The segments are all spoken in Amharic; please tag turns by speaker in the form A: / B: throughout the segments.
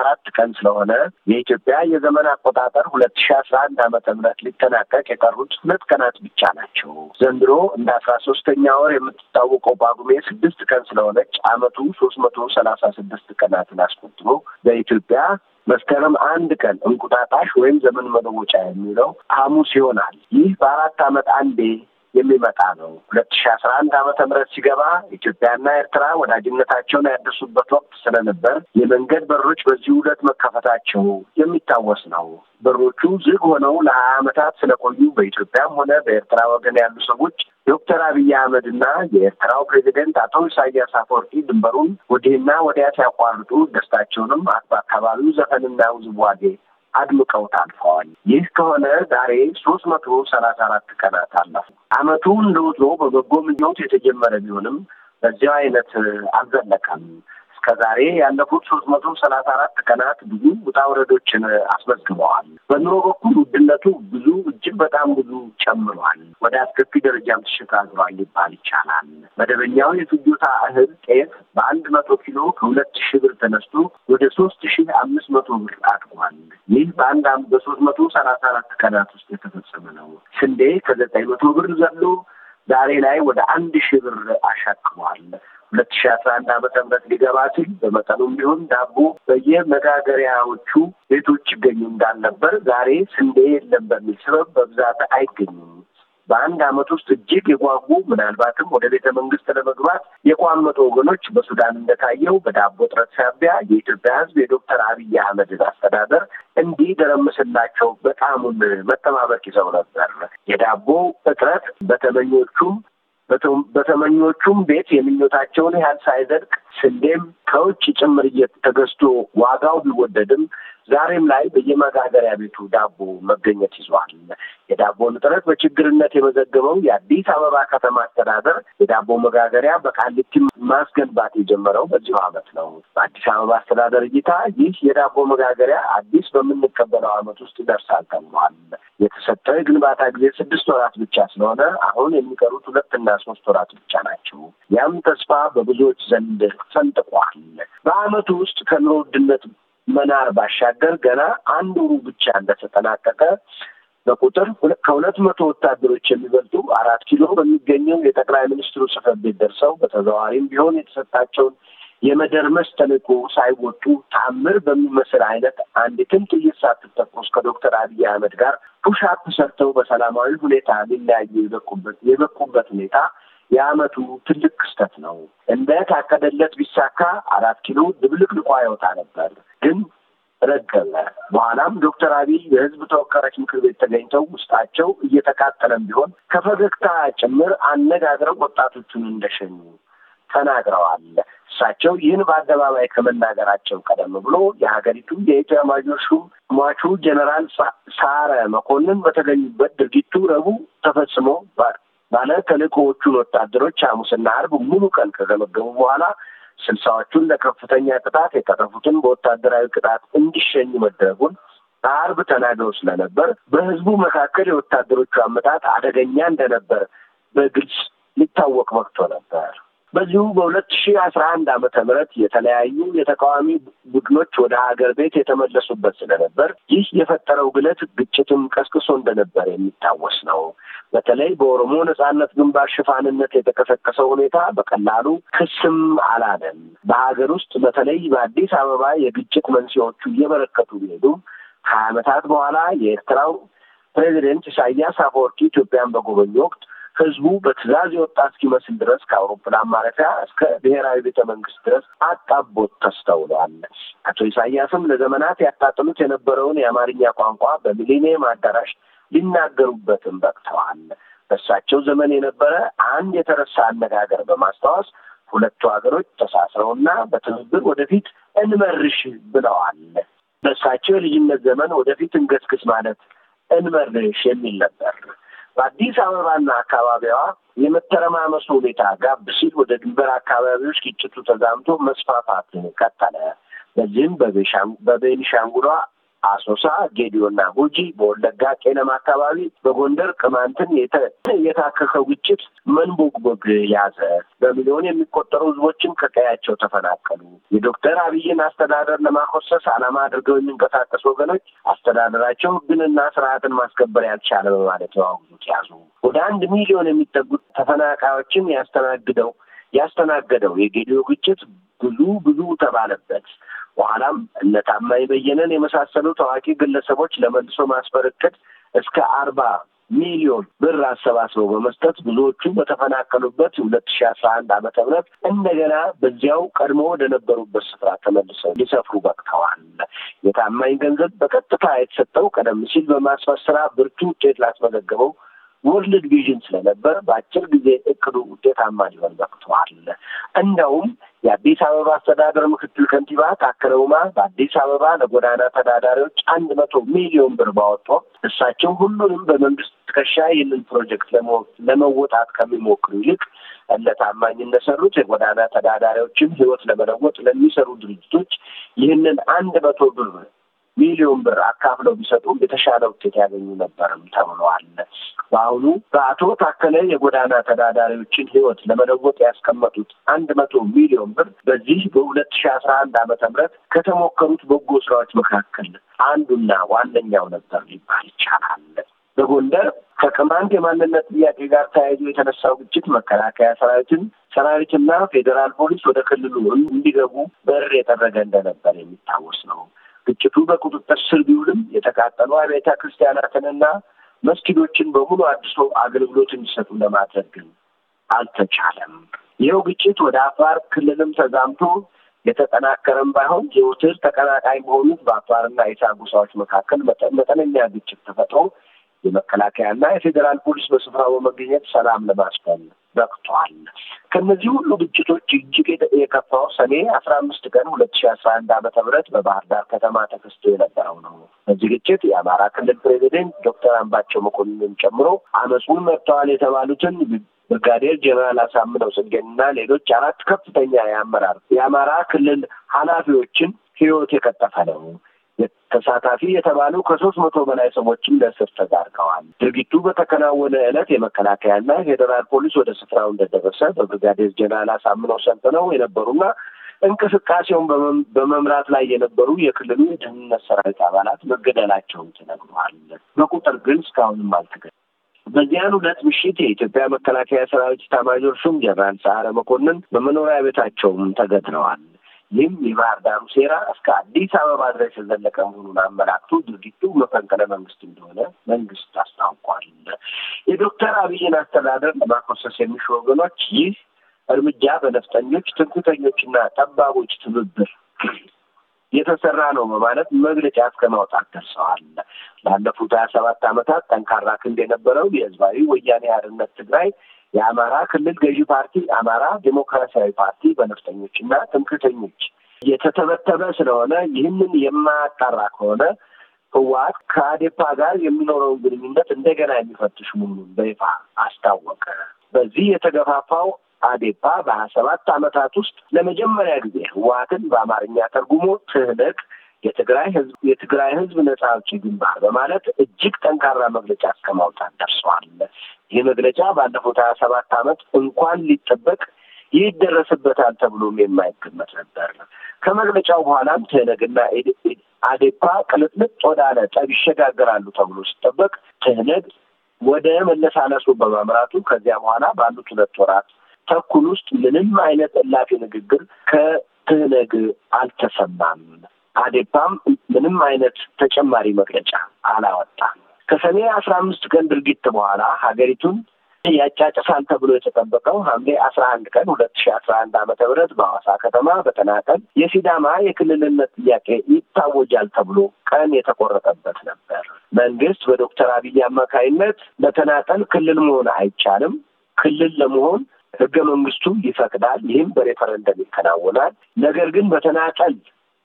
A: አራት ቀን ስለሆነ የኢትዮጵያ የዘመን አቆጣጠር ሁለት ሺ አስራ አንድ ዓመተ ምህረት ሊጠናቀቅ የቀሩት ሁለት ቀናት ብቻ ናቸው። ዘንድሮ እንደ አስራ ሶስተኛ ወር የምትታወቀው ጳጉሜ ስድስት ቀን ስለሆነች ዓመቱ ሶስት መቶ ሰላሳ ስድስት ቀናትን አስቆጥሮ በኢትዮጵያ መስከረም አንድ ቀን እንቁጣጣሽ ወይም ዘመን መለወጫ የሚለው ሐሙስ ይሆናል። ይህ በአራት ዓመት አንዴ የሚመጣ ነው። ሁለት ሺ አስራ አንድ ዓመተ ምህረት ሲገባ ኢትዮጵያና ኤርትራ ወዳጅነታቸውን ያደሱበት ወቅት ስለነበር የመንገድ በሮች በዚህ ሁለት መከፈታቸው የሚታወስ ነው። በሮቹ ዝግ ሆነው ለሀያ ዓመታት ስለቆዩ በኢትዮጵያም ሆነ በኤርትራ ወገን ያሉ ሰዎች ዶክተር አብይ አህመድና የኤርትራው ፕሬዚደንት አቶ ኢሳያስ አፈወርቂ ድንበሩን ወዲህና ወዲያ ሲያቋርጡ ደስታቸውንም በአካባቢው ዘፈንና ውዝዋዜ አድምቀው ታልፈዋል። ይህ ከሆነ ዛሬ ሶስት መቶ ሰላሳ አራት ቀናት አለፉ። አመቱ እንደ ወትሮ በበጎ ምኞት የተጀመረ ቢሆንም በዚያው አይነት አልዘለቀም። ከዛሬ ያለፉት ሶስት መቶ ሰላሳ አራት ቀናት ብዙ ውጣ ውረዶችን አስመዝግበዋል። በኑሮ በኩል ውድነቱ ብዙ እጅግ በጣም ብዙ ጨምሯል። ወደ አስከፊ ደረጃም ተሸጋግሯል ሊባል ይቻላል። መደበኛው የፍጆታ እህል ጤፍ በአንድ መቶ ኪሎ ከሁለት ሺህ ብር ተነስቶ ወደ ሶስት ሺህ አምስት መቶ ብር አድጓል። ይህ በአንድ አም በሶስት መቶ ሰላሳ አራት ቀናት ውስጥ የተፈጸመ ነው። ስንዴ ከዘጠኝ መቶ ብር ዘሎ ዛሬ ላይ ወደ አንድ ሺህ ብር አሻቅቧል። ሁለት ሺ አስራ አንድ ዓመተ ምህረት ሊገባ ሲል በመጠኑም ቢሆን ዳቦ በየመጋገሪያዎቹ ቤቶች ይገኙ እንዳልነበር ዛሬ ስንዴ የለም በሚል ስበብ በብዛት አይገኙም። በአንድ ዓመት ውስጥ እጅግ የጓጉ ምናልባትም ወደ ቤተ መንግስት ለመግባት የቋመጡ ወገኖች በሱዳን እንደታየው በዳቦ እጥረት ሳቢያ የኢትዮጵያ ሕዝብ የዶክተር አብይ አህመድን አስተዳደር ደረምስላቸው በጣሙን መጠባበቅ ይዘው ነበር። የዳቦ እጥረት በተመኞቹም በተመኞቹም ቤት የምኞታቸውን ያህል ሳይዘድቅ ስንዴም ከውጭ ጭምር ተገዝቶ ዋጋው ቢወደድም ዛሬም ላይ በየመጋገሪያ ቤቱ ዳቦ መገኘት ይዟል። የዳቦን እጥረት በችግርነት የመዘገበው የአዲስ አበባ ከተማ አስተዳደር የዳቦ መጋገሪያ በቃሊቲም ማስገንባት የጀመረው በዚሁ ዓመት ነው። በአዲስ አበባ አስተዳደር እይታ ይህ የዳቦ መጋገሪያ አዲስ በምንቀበለው ዓመት ውስጥ ይደርሳል ተብሏል። የተሰጠው የግንባታ ጊዜ ስድስት ወራት ብቻ ስለሆነ አሁን የሚቀሩት ሁለትና ሶስት ወራት ብቻ ናቸው። ያም ተስፋ በብዙዎች ዘንድ ሰንጥቋል። በዓመቱ ውስጥ ከኑሮ ውድነት መናር ባሻገር ገና አንድ ወሩ ብቻ እንደተጠናቀቀ በቁጥር ከሁለት መቶ ወታደሮች የሚበልጡ አራት ኪሎ በሚገኘው የጠቅላይ ሚኒስትሩ ጽፈት ቤት ደርሰው በተዘዋዋሪም ቢሆን የተሰጣቸውን የመደርመስ ተልዕኮ ሳይወጡ ተአምር በሚመስል አይነት አንዲትም ጥይት ሳትተኮስ ከዶክተር አብይ አህመድ ጋር ፑሽአፕ ሰርተው በሰላማዊ ሁኔታ ሊለያዩ የበቁበት ሁኔታ የአመቱ ትልቅ ክስተት ነው። እንደ ታቀደለት ቢሳካ አራት ኪሎ ልቆ ያወጣ ነበር፣ ግን ረገበ በኋላም ዶክተር አብይ የህዝብ ተወካዮች ምክር ቤት ተገኝተው ውስጣቸው እየተቃጠለም ቢሆን ከፈገግታ ጭምር አነጋግረው ወጣቶቹን እንደሸኙ ተናግረዋል። እሳቸው ይህን በአደባባይ ከመናገራቸው ቀደም ብሎ የሀገሪቱ የኢታማዦር ሹም ሟቹ ጀኔራል ሳረ መኮንን በተገኙበት ድርጊቱ ረቡዕ ተፈጽሞ ባለ ተልእኮዎቹን ወታደሮች ሐሙስና አርብ ሙሉ ቀን ከገመገሙ በኋላ ስልሳዎቹን ለከፍተኛ ቅጣት የተረፉትን በወታደራዊ ቅጣት እንዲሸኙ መድረጉን አርብ ተናግረው ስለነበር በህዝቡ መካከል የወታደሮቹ አመጣት አደገኛ እንደነበር በግልጽ ሊታወቅ በቅቶ ነበር። በዚሁ በሁለት ሺ አስራ አንድ አመተ ምህረት የተለያዩ የተቃዋሚ ቡድኖች ወደ ሀገር ቤት የተመለሱበት ስለነበር ይህ የፈጠረው ግለት ግጭትም ቀስቅሶ እንደነበር የሚታወስ ነው። በተለይ በኦሮሞ ነጻነት ግንባር ሽፋንነት የተቀሰቀሰው ሁኔታ በቀላሉ ክስም አላለም። በሀገር ውስጥ በተለይ በአዲስ አበባ የግጭት መንስኤዎቹ እየበረከቱ ቢሄዱም ሀያ ዓመታት በኋላ የኤርትራው ፕሬዚደንት ኢሳያስ አፈወርቂ ኢትዮጵያን በጎበኙ ወቅት ህዝቡ በትዕዛዝ የወጣ እስኪመስል ድረስ ከአውሮፕላን ማረፊያ እስከ ብሔራዊ ቤተ መንግስት ድረስ አጣቦት ተስተውለዋል። አቶ ኢሳያስም ለዘመናት ያጣጥሉት የነበረውን የአማርኛ ቋንቋ በሚሊኒየም አዳራሽ ሊናገሩበትም በቅተዋል። በእሳቸው ዘመን የነበረ አንድ የተረሳ አነጋገር በማስታወስ ሁለቱ ሀገሮች ተሳስረውና በትብብር ወደፊት እንመርሽ ብለዋል። በእሳቸው የልጅነት ዘመን ወደፊት እንገስግስ ማለት እንመርሽ የሚል ነበር። በአዲስ አበባና አካባቢዋ የመተረማመሱ ሁኔታ ጋብ ሲል ወደ ድንበር አካባቢዎች ግጭቱ ተዛምቶ መስፋፋት ቀጠለ። በዚህም በቤኒሻንጉሏ አሶሳ፣ ጌዲዮና ጉጂ፣ በወለጋ ቄለም አካባቢ፣ በጎንደር ቅማንትን የታከከ ግጭት መንቦግቦግ ያዘ። በሚሊዮን የሚቆጠሩ ህዝቦችም ከቀያቸው ተፈናቀሉ። የዶክተር አብይን አስተዳደር ለማኮሰስ አላማ አድርገው የሚንቀሳቀሱ ወገኖች አስተዳደራቸው ህግንና ስርዓትን ማስከበር ያልቻለ በማለት ያዋጉዙት ያዙ። ወደ አንድ ሚሊዮን የሚጠጉት ተፈናቃዮችን ያስተናግደው ያስተናገደው የጌዲዮ ግጭት ብዙ ብዙ ተባለበት። በኋላም እነ ታማኝ በየነን የመሳሰሉ ታዋቂ ግለሰቦች ለመልሶ ማስፈር እቅድ እስከ አርባ ሚሊዮን ብር አሰባስበው በመስጠት ብዙዎቹ በተፈናቀሉበት ሁለት ሺ አስራ አንድ ዓመተ ምህረት እንደገና በዚያው ቀድሞ ወደነበሩበት ስፍራ ተመልሰው ሊሰፍሩ በቅተዋል። የታማኝ ገንዘብ በቀጥታ የተሰጠው ቀደም ሲል በማስፋት ስራ ብርቱ ውጤት ላስመዘገበው ወርልድ ቪዥን ስለነበር በአጭር ጊዜ እቅዱ ውጤታማ ሊሆን በቅተዋል። እንደውም የአዲስ አበባ አስተዳደር ምክትል ከንቲባ ታከለ ኡማ በአዲስ አበባ ለጎዳና ተዳዳሪዎች አንድ መቶ ሚሊዮን ብር ባወጡ እሳቸው ሁሉንም በመንግስት ትከሻ ይህንን ፕሮጀክት ለመወጣት ከሚሞክሩ ይልቅ ለታማኝ እንደሰሩት የጎዳና ተዳዳሪዎችን ህይወት ለመለወጥ ለሚሰሩ ድርጅቶች ይህንን አንድ መቶ ብር ሚሊዮን ብር አካፍለው ቢሰጡ የተሻለ ውጤት ያገኙ ነበርም ተብለዋል። በአሁኑ በአቶ ታከለ የጎዳና ተዳዳሪዎችን ህይወት ለመለወጥ ያስቀመጡት አንድ መቶ ሚሊዮን ብር በዚህ በሁለት ሺ አስራ አንድ አመተ ምህረት ከተሞከሩት በጎ ስራዎች መካከል አንዱና ዋነኛው ነበር ሊባል ይቻላል። በጎንደር ከቅማንት የማንነት ጥያቄ ጋር ተያይዞ የተነሳው ግጭት መከላከያ ሰራዊትን ሰራዊትና ፌዴራል ፖሊስ ወደ ክልሉ እንዲገቡ በር የጠረገ እንደነበር የሚታወስ ነው። ግጭቱ በቁጥጥር ስር ቢውልም የተቃጠሉ አብያተ ክርስቲያናትንና መስጊዶችን በሙሉ አድሶ አገልግሎት እንዲሰጡ ለማድረግ ግን አልተቻለም። ይኸው ግጭት ወደ አፋር ክልልም ተዛምቶ የተጠናከረም ባይሆን የውትር ተቀናቃኝ በሆኑት በአፋርና ኢሳ ጎሳዎች መካከል መጠነኛ ግጭት ተፈጥሮ የመከላከያና የፌዴራል ፖሊስ በስፍራው በመገኘት ሰላም ለማስፈን በቅቷል። ከነዚህ ሁሉ ግጭቶች እጅግ የከፋው ሰኔ አስራ አምስት ቀን ሁለት ሺ አስራ አንድ ዓመተ ምህረት በባህር ዳር ከተማ ተከስቶ የነበረው ነው። በዚህ ግጭት የአማራ ክልል ፕሬዚደንት ዶክተር አምባቸው መኮንንን ጨምሮ አመፁን መጥተዋል የተባሉትን ብርጋዴር ጀነራል አሳምነው ጽጌንና ሌሎች አራት ከፍተኛ የአመራር የአማራ ክልል ኃላፊዎችን ህይወት የቀጠፈ ነው። ተሳታፊ የተባሉ ከሶስት መቶ በላይ ሰዎችም ለእስር ተዳርገዋል። ድርጊቱ በተከናወነ ዕለት የመከላከያና ፌዴራል ፖሊስ ወደ ስፍራው እንደደረሰ በብርጋዴር ጀነራል አሳምነው ሰልጥነው የነበሩና እንቅስቃሴውን በመምራት ላይ የነበሩ የክልሉ የደህንነት ሰራዊት አባላት መገደላቸውን ተነግሯል። በቁጥር ግን እስካሁንም አልተገ በዚያን ሁለት ምሽት የኢትዮጵያ መከላከያ ሰራዊት ኤታማዦር ሹም ጀነራል ሰዓረ መኮንን በመኖሪያ ቤታቸውም ተገድለዋል። ይህም የባህር ዳሩ ሴራ እስከ አዲስ አበባ ድረስ የዘለቀ መሆኑን አመላክቶ ድርጊቱ መፈንቅለ መንግስት እንደሆነ መንግስት አስታውቋል። የዶክተር አብይን አስተዳደር ለማኮሰስ የሚሹ ወገኖች ይህ እርምጃ በነፍጠኞች ትንኩተኞችና ጠባቦች ትብብር የተሰራ ነው በማለት መግለጫ እስከ ማውጣት ደርሰዋል። ላለፉት ሀያ ሰባት ዓመታት ጠንካራ ክንድ የነበረው የህዝባዊ ወያኔ ሓርነት ትግራይ የአማራ ክልል ገዢ ፓርቲ አማራ ዴሞክራሲያዊ ፓርቲ በነፍጠኞች እና ትምክህተኞች የተተበተበ ስለሆነ ይህንን የማያጣራ ከሆነ ህወሓት ከአዴፓ ጋር የሚኖረውን ግንኙነት እንደገና የሚፈትሽ መሆኑን በይፋ አስታወቀ። በዚህ የተገፋፋው አዴፓ በሀያ ሰባት አመታት ውስጥ ለመጀመሪያ ጊዜ ህዋትን በአማርኛ ተርጉሞ ትህነግ የትግራይ ህዝብ የትግራይ ህዝብ ነጻ አውጪ ግንባር በማለት እጅግ ጠንካራ መግለጫ እስከ ማውጣት ደርሰዋል። ይህ መግለጫ ባለፉት ሀያ ሰባት ዓመት እንኳን ሊጠበቅ ይደረስበታል ተብሎም የማይገመት ነበር። ከመግለጫው በኋላም ትህነግና አዴፓ ቅልጥልጥ ወዳለ ጠብ ይሸጋገራሉ ተብሎ ሲጠበቅ ትህነግ ወደ መለሳለሱ በማምራቱ ከዚያ በኋላ ባሉት ሁለት ወራት ተኩል ውስጥ ምንም አይነት እላፊ ንግግር ከትህነግ አልተሰማም። አዴፓም ምንም አይነት ተጨማሪ መግለጫ አላወጣም። ከሰኔ አስራ አምስት ቀን ድርጊት በኋላ ሀገሪቱን ያጫጭሳል ተብሎ የተጠበቀው ሐምሌ አስራ አንድ ቀን ሁለት ሺ አስራ አንድ ዓመተ ምህረት በሐዋሳ ከተማ በተናጠል የሲዳማ የክልልነት ጥያቄ ይታወጃል ተብሎ ቀን የተቆረጠበት ነበር። መንግስት በዶክተር አብይ አማካይነት በተናጠል ክልል መሆን አይቻልም፣ ክልል ለመሆን ህገ መንግስቱ ይፈቅዳል፣ ይህም በሬፈረንደም ይከናወናል። ነገር ግን በተናጠል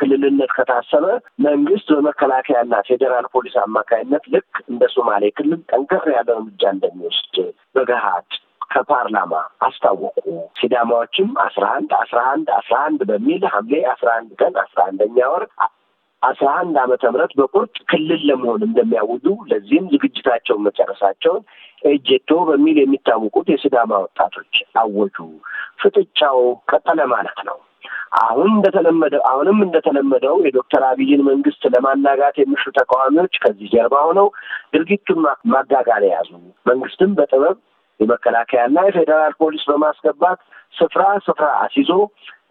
A: ክልልነት ከታሰበ መንግስት በመከላከያና ፌዴራል ፖሊስ አማካኝነት ልክ እንደ ሶማሌ ክልል ጠንከር ያለ እርምጃ እንደሚወስድ በገሀድ ከፓርላማ አስታወቁ። ሲዳማዎችም አስራ አንድ አስራ አንድ አስራ አንድ በሚል ሐምሌ አስራ አንድ ቀን አስራ አንደኛ ወር አስራ አንድ ዓመተ ምህረት በቁርጥ ክልል ለመሆን እንደሚያውጁ ለዚህም ዝግጅታቸውን መጨረሳቸውን ኤጀቶ በሚል የሚታወቁት የሲዳማ ወጣቶች አወጁ። ፍጥጫው ቀጠለ ማለት ነው። አሁን እንደተለመደ አሁንም እንደተለመደው የዶክተር አብይን መንግስት ለማናጋት የሚሹ ተቃዋሚዎች ከዚህ ጀርባ ሆነው ድርጊቱን ማጋጋል የያዙ መንግስትም በጥበብ የመከላከያና የፌዴራል ፖሊስ በማስገባት ስፍራ ስፍራ አስይዞ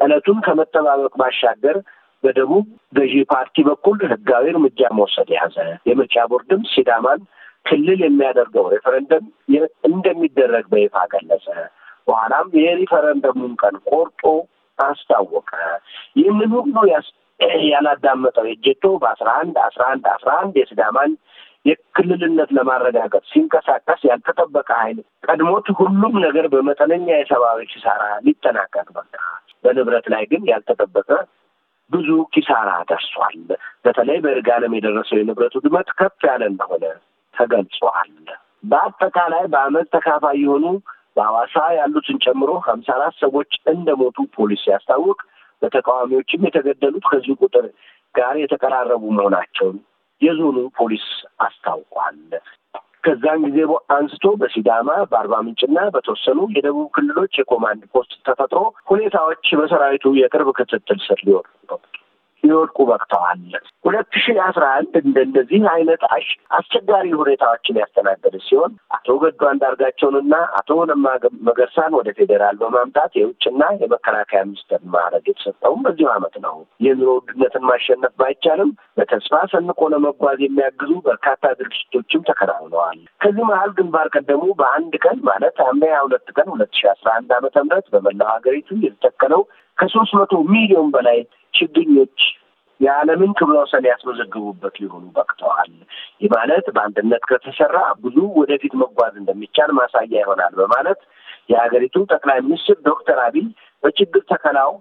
A: እለቱን ከመጠባበቅ ባሻገር በደቡብ ገዢ ፓርቲ በኩል ህጋዊ እርምጃ መውሰድ የያዘ የምርጫ ቦርድም ሲዳማን ክልል የሚያደርገው ሬፈረንደም እንደሚደረግ በይፋ ገለጸ። በኋላም የሪፈረንደሙን ቀን ቆርጦ አስታወቀ። ይህንን ሁሉ ያላዳመጠው የጀቶ በአስራ አንድ አስራ አንድ አስራ አንድ የስዳማን የክልልነት ለማረጋገጥ ሲንቀሳቀስ ያልተጠበቀ ኃይል ቀድሞት ሁሉም ነገር በመጠነኛ የሰብአዊ ኪሳራ ሊጠናቀቅ በቃ። በንብረት ላይ ግን ያልተጠበቀ ብዙ ኪሳራ ደርሷል። በተለይ ለም የደረሰው የንብረት ውድመት ከፍ ያለ እንደሆነ ተገልጿል። በአጠቃላይ በአመት ተካፋይ የሆኑ በሐዋሳ ያሉትን ጨምሮ ሀምሳ አራት ሰዎች እንደሞቱ ፖሊስ ሲያስታውቅ በተቃዋሚዎችም የተገደሉት ከዚህ ቁጥር ጋር የተቀራረቡ መሆናቸውን የዞኑ ፖሊስ አስታውቋል። ከዛን ጊዜ አንስቶ በሲዳማ በአርባ ምንጭና በተወሰኑ የደቡብ ክልሎች የኮማንድ ፖስት ተፈጥሮ ሁኔታዎች በሰራዊቱ የቅርብ ክትትል ስር ሊወር ነው። ሊወድቁ በቅተዋል። ሁለት ሺ አስራ አንድ እንደነዚህ አይነት አስቸጋሪ ሁኔታዎችን ያስተናገደ ሲሆን አቶ ገዱ አንዳርጋቸውንና አቶ ለማ መገርሳን ወደ ፌዴራል በማምጣት የውጭና የመከላከያ ሚኒስትር ማዕረግ የተሰጠውም በዚሁ ዓመት ነው። የኑሮ ውድነትን ማሸነፍ ባይቻልም በተስፋ ሰንቆ ለመጓዝ የሚያግዙ በርካታ ድርጅቶችም ተከናውነዋል። ከዚህ መሀል ግንባር ቀደሙ በአንድ ቀን ማለት ሐምሌ ሁለት ቀን ሁለት ሺ አስራ አንድ ዓመተ ምህረት በመላው ሀገሪቱ የተተከለው ከሶስት መቶ ሚሊዮን በላይ ችግኞች የዓለምን ክብረ ወሰን ያስመዘግቡበት ሊሆኑ በቅተዋል። ይህ ማለት በአንድነት ከተሰራ ብዙ ወደፊት መጓዝ እንደሚቻል ማሳያ ይሆናል በማለት የሀገሪቱ ጠቅላይ ሚኒስትር ዶክተር አብይ በችግር ተከላው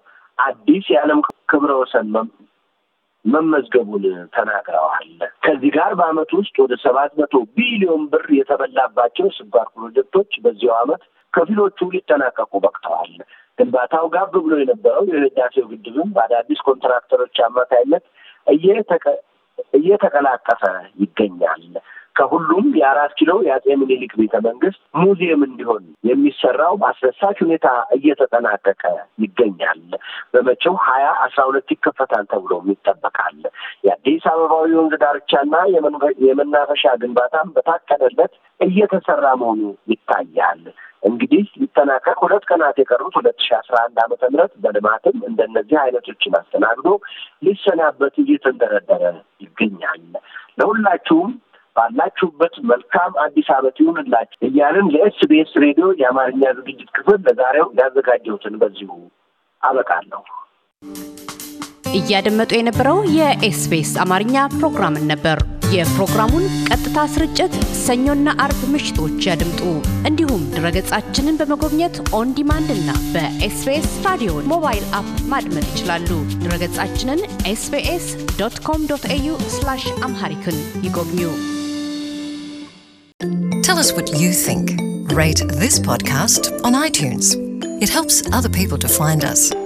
A: አዲስ የዓለም ክብረ ወሰን መመዝገቡን ተናግረዋል። ከዚህ ጋር በአመት ውስጥ ወደ ሰባት መቶ ቢሊዮን ብር የተበላባቸው ስኳር ፕሮጀክቶች በዚያው አመት ከፊሎቹ ሊጠናቀቁ በቅተዋል። ግንባታው ጋብ ብሎ የነበረው የህዳሴው ግድብም በአዳዲስ ኮንትራክተሮች አማካይነት እየተቀላጠፈ ይገኛል። ከሁሉም የአራት ኪሎ የአጼ ምኒልክ ቤተ መንግስት ሙዚየም እንዲሆን የሚሰራው በአስደሳች ሁኔታ እየተጠናቀቀ ይገኛል። በመቼው ሀያ አስራ ሁለት ይከፈታል ተብሎም ይጠበቃል። የአዲስ አበባዊ የወንዝ ዳርቻና የመናፈሻ ግንባታም በታቀደለት እየተሰራ መሆኑ ይታያል። እንግዲህ ሊጠናቀቅ ሁለት ቀናት የቀሩት ሁለት ሺ አስራ አንድ ዓመተ ምህረት በልማትም እንደነዚህ አይነቶችን አስተናግዶ ሊሰናበት እየተንደረደረ ይገኛል። ለሁላችሁም ባላችሁበት መልካም አዲስ ዓመት ይሁንላችሁ እያልን የኤስቢኤስ ሬዲዮ የአማርኛ ዝግጅት ክፍል ለዛሬው ያዘጋጀሁትን በዚሁ አበቃለሁ። እያደመጡ የነበረው የኤስቢኤስ አማርኛ ፕሮግራምን ነበር። የፕሮግራሙን ቀጥታ ስርጭት ሰኞና አርብ ምሽቶች ያድምጡ። እንዲሁም ድረገጻችንን በመጎብኘት ኦን ዲማንድ እና በኤስቢኤስ ራዲዮን ሞባይል አፕ ማድመጥ ይችላሉ። ድረገጻችንን ኤስቤስ ዶት ኮም ዶት ኤዩ አምሃሪክን ይጎብኙ። Tell us what you think. Rate this podcast on iTunes. It helps other people to find us.